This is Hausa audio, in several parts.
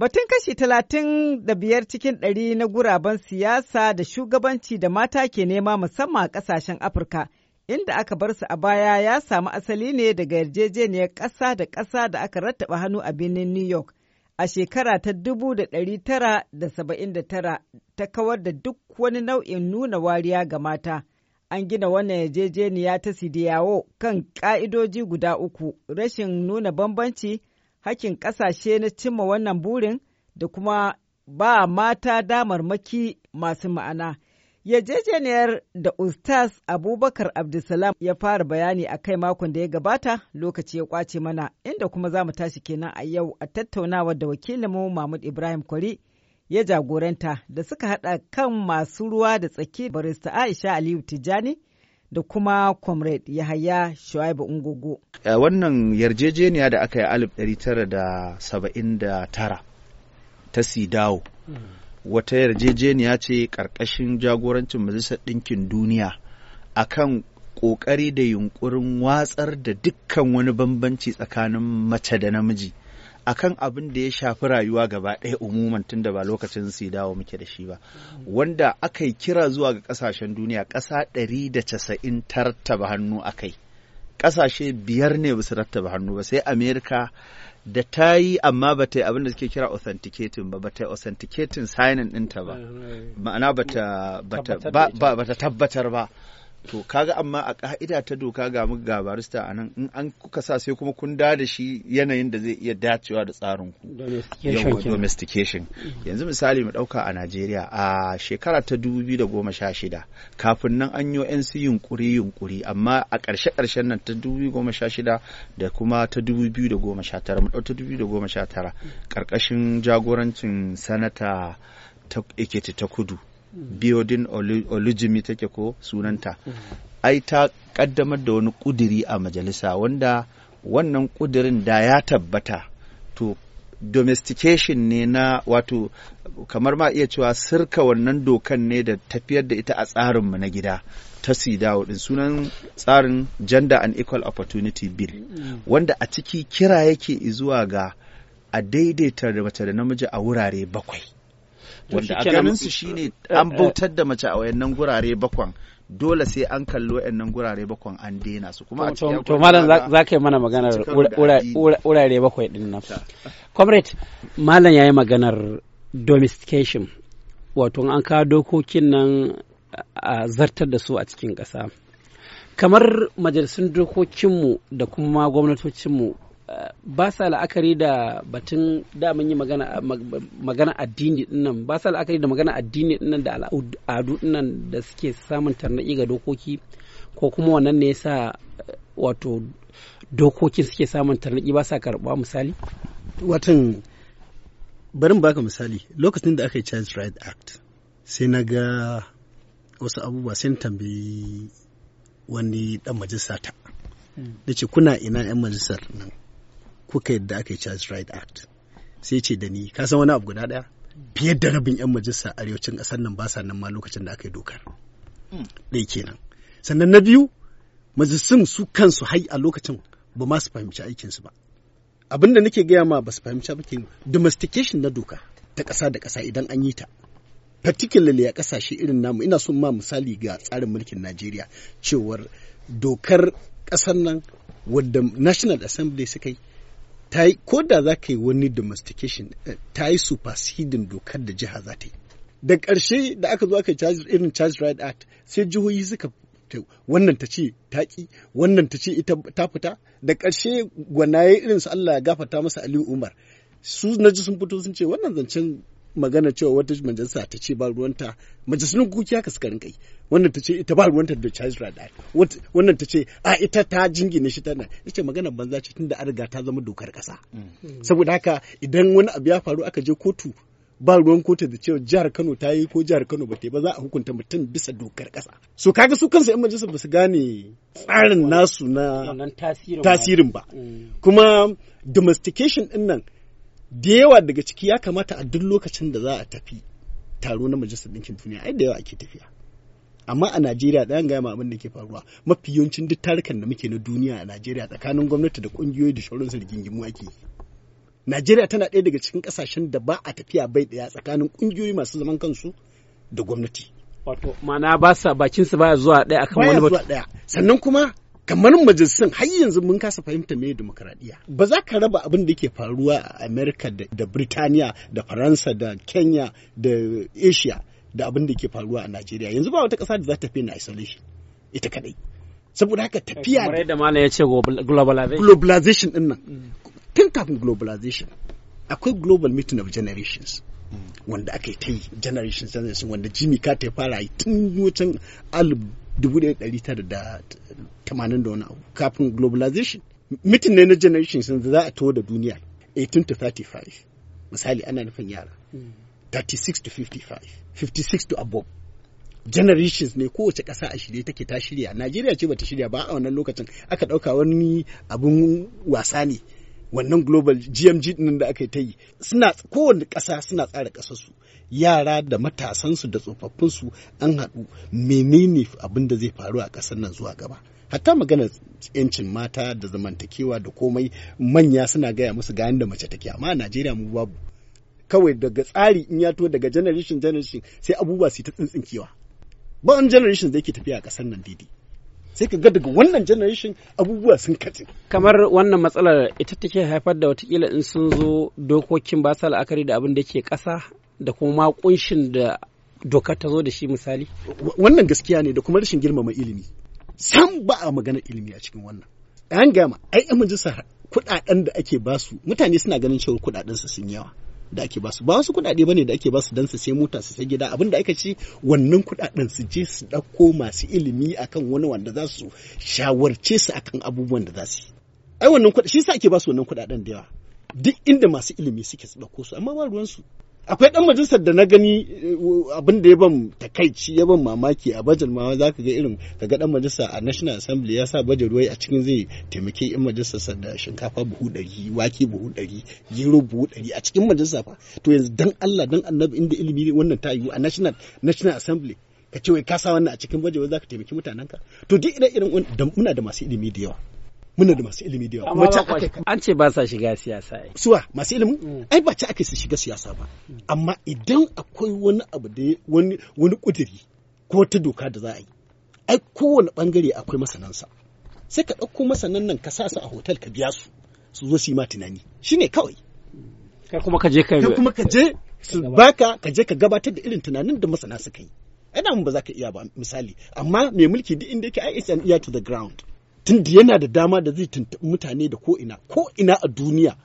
Batun kashi talatin da biyar cikin ɗari na guraben siyasa da shugabanci da mata ke nema musamman a ƙasashen Afirka, inda aka bar su a baya ya samu asali ne daga yarjejeniyar ƙasa da ƙasa da aka rattaba hannu a birnin New York a shekara ta dubu da ɗari tara da saba'in da tara ta kawar da duk wani nau'in nuna wariya ga mata. an gina wannan yarjejeniya ta sidiyawo kan ƙa'idoji guda uku rashin nuna bambanci hakkin ƙasashe na cimma wannan burin da kuma ba mata damar maki masu ma'ana. Yajejeniyar da Ustaz Abubakar Abdulsalam ya fara bayani a kai makon da ya gabata lokaci ya kwace mana inda kuma za mu tashi kenan a yau a tattaunawar da wakilinmu Mahmud Ibrahim Kwari ya jagoranta da suka haɗa kan masu ruwa da tsaki barista Aisha Aliyu Tijjani da kuma comrade yahaya shuaibu ungogo eh, wannan yarjejeniya da aka yi alif ɗari tara da saba'in da tara ta sidawo wata yarjejeniya ce ƙarƙashin jagorancin majalisar ɗinkin duniya akan ƙoƙari da yunƙurin watsar da dukkan wani bambanci tsakanin mace da namiji akan abin da ya shafi rayuwa gaba ɗaya umuman tun da ba lokacin su dawo muke da shi ba wanda aka yi kira zuwa ga ƙasashen duniya ƙasa ɗari da casa'in ta rattaba hannu a kai ƙasashe biyar ne ba su rattaba hannu ba sai amerika da ta yi amma ba ta yi abin da suke kira authenticating ba ba ta yi authenticating signing ɗinta ba ma'ana ba ta tabbatar ba to kaga amma a ka'ida ta doka ga mu ga barista anan in an kuka sa sai kuma kun da da shi yanayin da zai iya dacewa da tsarin ku domestication yanzu misali mu dauka a Najeriya a shekara ta 2016 kafin nan an yi NC yunkuri yunkuri amma a ƙarshe ƙarshen nan ta 2016 da kuma ta 2019 mu dau ta 2019 karkashin jagorancin sanata ta ta kudu biodin olujimi take ko sunanta ai ta kaddamar da wani kudiri a majalisa wanda wannan kudirin da ya tabbata to domestication ne na wato kamar ma iya cewa sirka wannan dokan ne da tafiyar da ita a tsarinmu na gida ta sidawo din sunan tsarin gender and equal opportunity bill wanda a ciki kira yake zuwa ga a daidaita da mace da namiji a wurare bakwai wanda a ganin su shine eh, an eh. bautar da mace a wayannan gurare bakwan dole sai an kalli wayannan gurare bakwan an dena su kuma a cikin to malam za yi mana maganar wurare bakwai din nan comrade malam yayi maganar domestication wato an kawo dokokin nan a zartar da su a cikin ƙasa kamar majalisun dokokinmu da kuma gwamnatocinmu ba sa la'akari da batun da mun yi magana addini dinnan ba sa la'akari da magana addini dinnan da al'adu dinnan da suke samun tarnaƙi ga dokoki ko kuma wannan ne yasa eh, wato dokokin suke samun tarnaƙi ba sa karɓa misali watan barin baka misali lokacin da aka yi child right act sai na ga wasu abubuwa sai tambayi wani dan majalisa ta da hmm. ce kuna ina 'yan majalisar nan kuka yadda aka yi Charles Wright Act sai ce da ni ka san wani abu guda daya fiye da rabin yan majalisa arewacin kasar nan ba sa nan ma lokacin da aka yi dokar Daya hmm. kenan sannan na biyu majalisun su kansu hai a lokacin ba ma su fahimci aikinsu ba abin da nake gaya ma ba su fahimci ba domestication na doka ta ƙasa da ƙasa idan an yi ta particularly a ƙasashe irin namu ina son ma misali ga tsarin mulkin Najeriya cewar dokar ƙasar nan wadda National Assembly suka yi ta yi ko da za ka yi wani domestication eh, ta yi superseding dokar da jiha za ta yi da ƙarshe da aka zo aka yi irin charge right act sai jihohi suka wannan ta ce ta taƙi wannan ta ce ita ta fita da ƙarshe gwanaye irin su Allah ya gafata masa Aliyu Umar su na ji sun fito sun ce wannan zancen magana cewa wata majalisa ta ce ba ruwanta majalisun kuki haka suka rinka wannan ta ce ita ba ruwanta da charge radar wannan ta ce a ita ta jingine shi tana ita ce magana banza ce tunda an riga ta zama dokar kasa mm. saboda haka idan wani abu ya faru aka je kotu ba ruwan kotu da cewa jihar Kano ta yi ko jihar Kano ba ta yi ba za a hukunta mutum bisa dokar kasa so kaga su kansu yan majalisa ba su gane tsarin nasu na tasirin ba mm. kuma domestication din nan da yawa daga ciki ya kamata a duk lokacin da za a tafi taro na majalisar ɗinkin duniya ai da yawa ake tafiya amma a najeriya ɗayan gaya ma abin da ke faruwa mafi yawancin duk tarukan da muke na duniya a najeriya tsakanin gwamnati da ƙungiyoyi da shauransu rigingimu ake najeriya tana ɗaya daga cikin ƙasashen da ba a tafiya bai ɗaya tsakanin ƙungiyoyi masu zaman kansu da gwamnati wato maana ba sa bakin su baya zuwa ɗaya akan wani batu sannan kuma kamar majalisun har yanzu mun kasa fahimta me demokradiya ba za ka raba abin da ke faruwa a Amerika da birtaniya da faransa da kenya da asia da abin da ke faruwa a najeriya yanzu ba wata ƙasa da za ta fi na isolation ita kadai saboda haka eh, tafiya kamar yadda malam ya ce globalization globalization din nan mm. tun kafin globalization akwai global meeting of generations mm. wanda aka yi ta yi generations wanda jimmy carter ya fara yi tun wucin alif 1980 da wani abu kafin globalization mitin ne na generation sun za a taho da duniya 18 to 35 misali ana nufin yara 36 to 55 56 to above generations ne kowace ƙasa a shirye take ta shirya najeriya ce bata shirya ba a wannan lokacin aka ɗauka wani abun wasa ne wannan global gmg din da aka yi ta yi suna kowane ƙasa suna tsara ƙasarsu yara da matasansu da tsofaffinsu an haɗu menene abin da zai faru a ƙasar nan zuwa gaba hatta maganar yancin mata da zamantakewa da komai manya suna gaya musu ga da mace take amma a najeriya mu babu kawai daga tsari in ya to daga generation generation sai abubuwa su ta tsintsinkewa ba wani generation da yake tafiya a ƙasar nan daidai sai ka ga daga wannan generation abubuwa sun katse kamar wannan matsalar ita take haifar da watakila in sun zo dokokin basa la'akari da abin da ke kasa da kuma kunshin da dokar ta zo da shi misali wannan gaskiya ne da kuma rashin girmama ilimi sam ba a magana ilimi a cikin wannan an gama ai majalisar kuɗaɗen da ake basu mutane suna ganin cewa su sun yawa da ake basu ba wasu kuɗaɗe bane da ake basu dan su sai mota su sai gida abin da aka ci wannan kuɗaɗen su je su ɗauko masu ilimi akan wani wanda za su shawarce su akan abubuwan da za su yi ai wannan kuɗa shi sa ake basu wannan kuɗaɗen da yawa duk inda masu ilimi suke su ɗauko su amma ba su akwai dan majalisar da na gani eh, abin da ya ban takaici ya ban mamaki a bajal ma za ka ga irin ka ga dan majalisa a national assembly ya sa bajal ruwai a cikin zai taimaki yan majalisar da shinkafa buhu ɗari wake buhu ɗari gero buhu ɗari a cikin majalisa fa to yanzu dan Allah dan annabi inda ilimi ne wannan ta yiwu a national national assembly ka ce wai ka sa wannan a cikin bajal za ka taimaki ka to duk ire-iren muna da masu ilimi da yawa muna da masu ilimi da yawa kuma ce aka an ce ba sa shiga siyasa ai suwa masu ilimi mm. ai ba ce aka su shiga siyasa ba amma idan akwai wani abu da wani wani kudiri ko ta doka da za a yi ai kowane bangare akwai masanansa sai ka ɗauko masanan nan ka sa su a hotel ka biya su su zo su yi ma tunani shine kawai kai kuma ka je ka kuma ka je su baka ka je ka gabatar da irin tunanin da masana suka yi ina mun ba za ka iya ba misali amma mai mulki duk inda yake ai it's an ear to the ground tunda yana da dama da zai tuntuɓi mutane da ko'ina ko'ina a duniya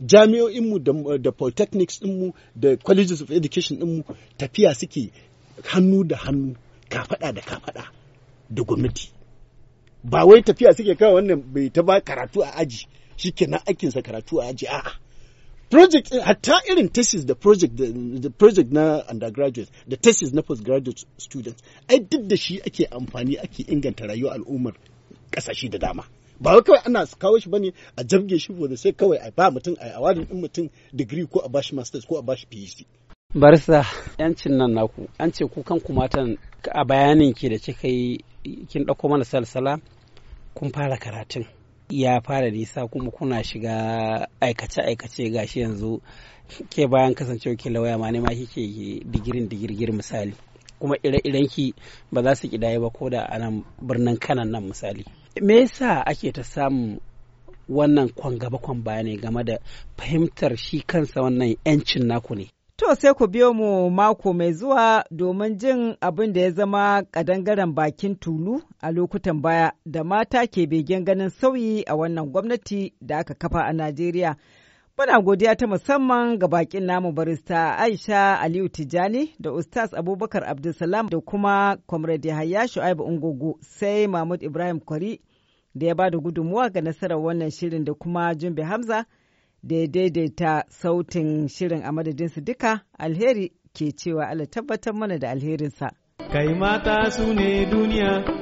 jami'o'inmu da, polytechnics ɗinmu da colleges of education ɗinmu tafiya suke hannu da hannu kafaɗa da kafaɗa da gwamnati ba wai tafiya suke kawai wannan bai ta ba karatu a aji shikenan aikinsa karatu a aji a'a project hatta irin thesis da project da project na undergraduate da thesis na postgraduate students ai duk da shi ake amfani ake inganta rayuwar al'ummar kasashe da dama ba wai kawai ana kawo shi bane a jabge shi da sai kawai a ba mutum a awadin din mutum digiri ko a bashi masters ko a bashi phd barista yancin nan naku an ce ku kan matan a bayanin ki da kika yi kin dauko mana salsala kun fara karatun ya fara nisa kuma kuna shiga aikace-aikace ga gashi yanzu ke bayan kasancewa ki lauya ma ne ma kike digirin digirgir misali kuma ire-irenki ba za su kidaye ba ko da anan birnin kanan nan misali me yasa ake ta samun wannan kwangaba kwan game da fahimtar shi kansa wannan yancin naku ne to sai ku biyo mu mako mai zuwa domin jin abin da ya zama kadangaren bakin tulu a lokutan baya da mata ke begen ganin sauyi a wannan gwamnati da aka kafa a najeriya Muna godiya ta musamman ga bakin namu barista Aisha Aliyu Tijani da Ustaz Abubakar Abdulsalam da kuma Comrade Yahaya Shu'aibu Ungugu sai Mahmud Ibrahim Kwari da ya bada gudunmuwa ga nasarar wannan shirin da kuma Jumbe Hamza da ya daidaita sautin shirin a madadinsu duka alheri ke cewa Allah tabbatar mana da alherinsa. Kai mata su ne duniya